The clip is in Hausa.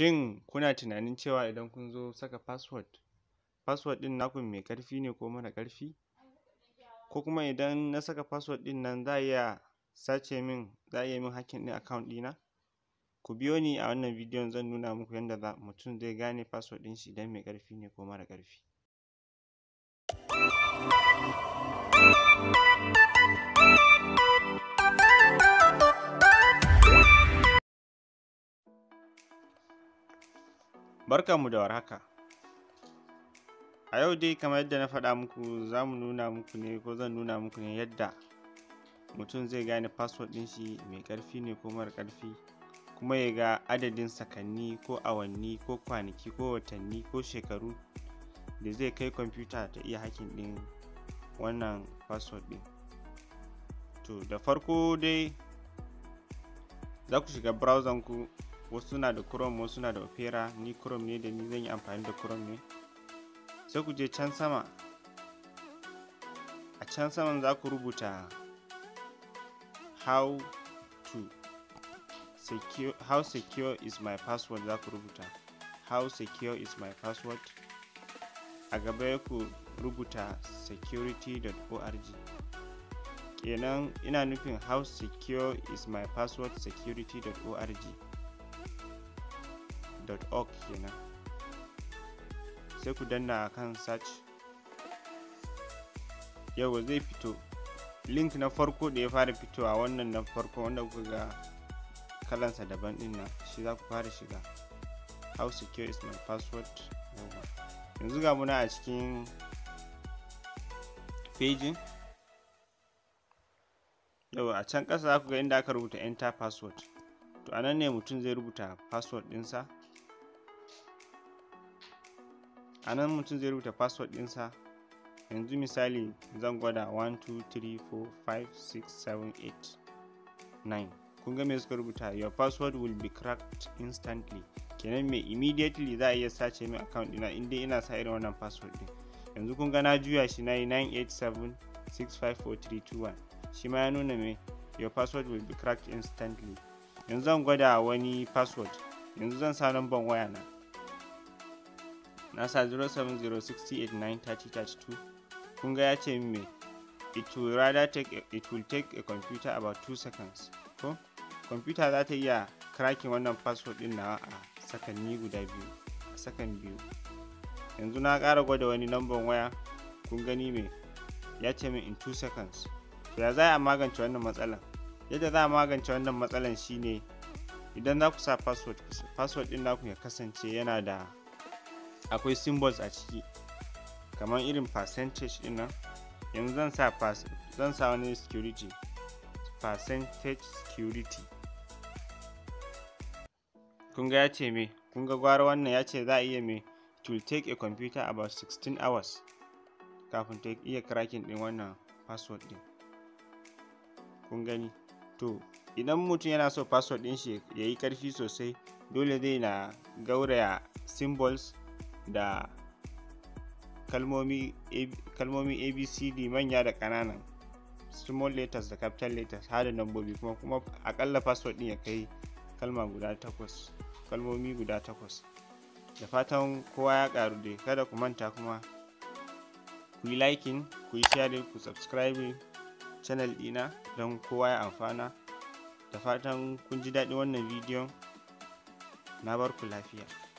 shin kuna tunanin cewa idan kun zo saka password password ɗin naku mai ƙarfi ne ko mara ƙarfi ko kuma idan na saka password ɗin nan za a iya sace min za a iya min hacking ɗin account ɗina ku biyo ni a wannan bidiyon zan nuna muku yadda mutum zai gane password ɗin shi idan mai ƙarfi ne ko mara ƙarfi barka mu da warhaka. A yau dai kamar yadda na faɗa muku za mu nuna muku ne ko zan nuna muku ne yadda mutum zai gane password ɗin shi mai ƙarfi ne ko mara ƙarfi kuma ya ga adadin sakanni ko awanni ko kwanaki ko watanni ko shekaru da zai kai kwamfuta ta iya hakin ɗin wannan password ɗin. To da farko dai za ku shiga browser ku wasu na da chrome wasu na da opera ni chrome ne da ni zan yi amfani da chrome ne sai ku je can sama a can saman za ku rubuta how to secure how secure is my password za ku rubuta how secure is my password a gaba ku rubuta security.org kenan ina nufin how secure is my password security.org org kenan sai ku danna kan search yau zai fito link na farko da ya fara fitowa wannan na farko wanda kuka ga kalansa daban din nan shi za ku fara shiga how secure is my password yanzu ga muna a cikin pejin yau a can ƙasa za ku ga inda aka rubuta enter password to anan ne mutum zai rubuta password dinsa. a nan mutum zai rubuta password ɗinsa yanzu misali zan gwada 123456789 kunga mai kun suka rubuta your password will be cracked instantly kenan mai immediately za a iya sace min account ɗina inda ina sa irin wannan password ɗin yanzu kun na juya shi na yi 987654321 shi ma ya nuna mai your password will be cracked instantly yanzu zan gwada wani password yanzu zan sa number waya na nasa 07068930232 kun ga ya ce me it will rather take it will take a computer about 2 seconds ko computer za ta iya cracking wannan password din nawa a sakanni guda biyu a sakan biyu yanzu na kara gwada wani number waya kun gani me ya ce min in 2 seconds to ya za a magance wannan matsalan yadda za a magance wannan matsalan shine idan za ku sa password password din naku ya kasance yana da akwai symbols a ciki kamar irin percentage din nan yanzu zan sa zan sa wani security percentage security kun ga ya ce me kun ga gwara wannan ya ce za a iya me it take a computer about 16 hours kafin ta iya cracking din wannan password din kun gani to idan mutum yana so password din shi ya yi karfi sosai dole zai na gauraya symbols da kalmomi abcd manya da ƙananan small letters da capital letters har da nambobi kuma kuma akalla password din ya kai kalma guda takwas kalmomi guda takwas da fatan kowa ya karu dai kada ku manta kuma ku yi liking ku yi sharing ku subscribe channel dina don kowa ya amfana da fatan kun ji daɗin wannan bidiyon na barku lafiya